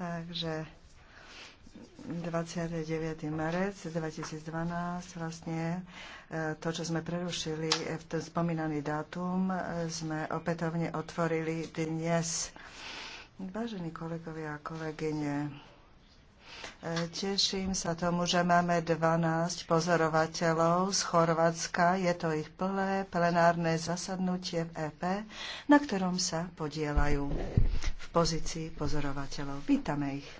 Takže 29. marec 2012 vlastne e, to, čo sme prerušili e, v ten spomínaný dátum, e, sme opätovne otvorili dnes. Vážení kolegovia a kolegyne, Teším sa tomu, že máme 12 pozorovateľov z Chorvátska. Je to ich plné plenárne zasadnutie v EP, na ktorom sa podielajú v pozícii pozorovateľov. Vítame ich.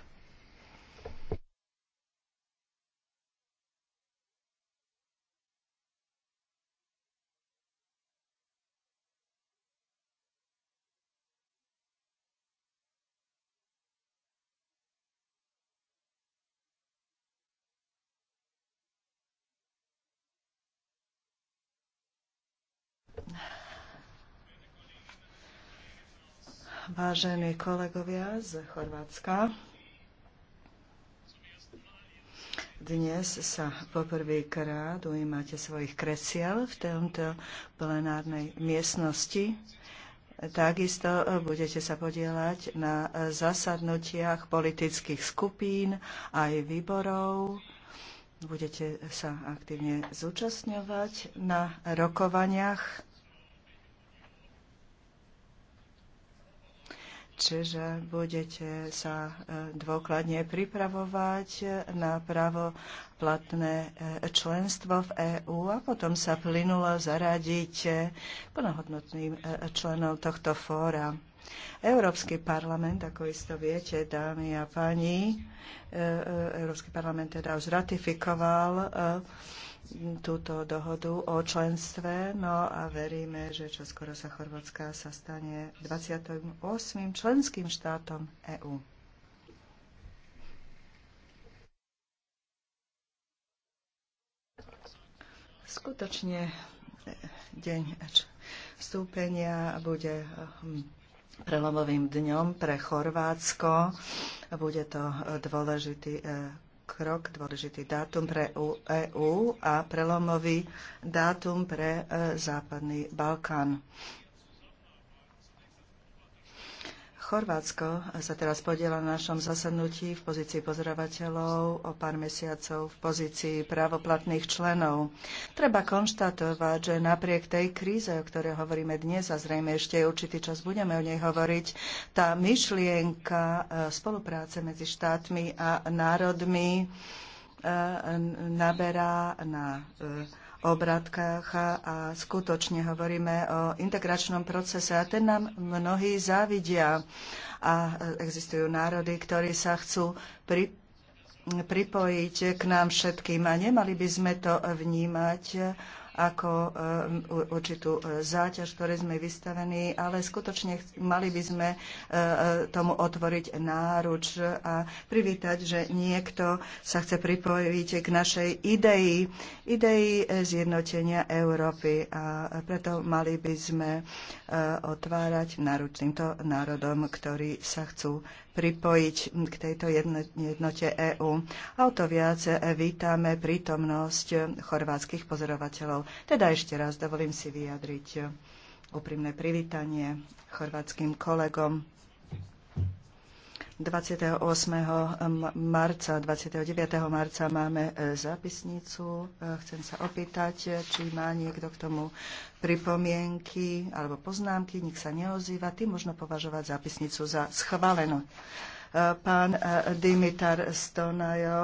vážení kolegovia z Chorvátska. Dnes sa poprvýkrát ujímate svojich kresiel v tomto plenárnej miestnosti. Takisto budete sa podielať na zasadnutiach politických skupín aj výborov. Budete sa aktívne zúčastňovať na rokovaniach čiže budete sa e, dôkladne pripravovať e, na právo platné e, členstvo v EÚ a potom sa plynulo zaradiť plnohodnotným členom tohto fóra. Európsky parlament, ako isto viete, dámy a páni, Európsky parlament teda už ratifikoval túto dohodu o členstve, no a veríme, že čoskoro sa Chorvátska sa stane 28. členským štátom EÚ. Skutočne e, deň vstúpenia bude hm, prelomovým dňom pre Chorvátsko. Bude to dôležitý e, krok, dôležitý dátum pre EÚ a prelomový dátum pre e, Západný Balkán. Chorvátsko sa teraz podiela na našom zasadnutí v pozícii pozorovateľov o pár mesiacov v pozícii právoplatných členov. Treba konštatovať, že napriek tej kríze, o ktorej hovoríme dnes a zrejme ešte určitý čas budeme o nej hovoriť, tá myšlienka e, spolupráce medzi štátmi a národmi e, naberá na e, obratkách a skutočne hovoríme o integračnom procese a ten nám mnohí závidia a existujú národy, ktorí sa chcú pri, pripojiť k nám všetkým a nemali by sme to vnímať ako e, určitú e, záťaž, ktorej sme vystavení, ale skutočne mali by sme e, tomu otvoriť náruč a privítať, že niekto sa chce pripojiť k našej idei, idei zjednotenia Európy a preto mali by sme otvárať náruč týmto národom, ktorí sa chcú pripojiť k tejto jednote EÚ. A o to viac vítame prítomnosť chorvátskych pozorovateľov. Teda ešte raz dovolím si vyjadriť úprimné privítanie chorvátským kolegom. 28. marca, 29. marca máme e, zápisnicu. E, chcem sa opýtať, e, či má niekto k tomu pripomienky alebo poznámky. Nik sa neozýva. Tým možno považovať zápisnicu za schválenú. Pán Dimitar Stonajo.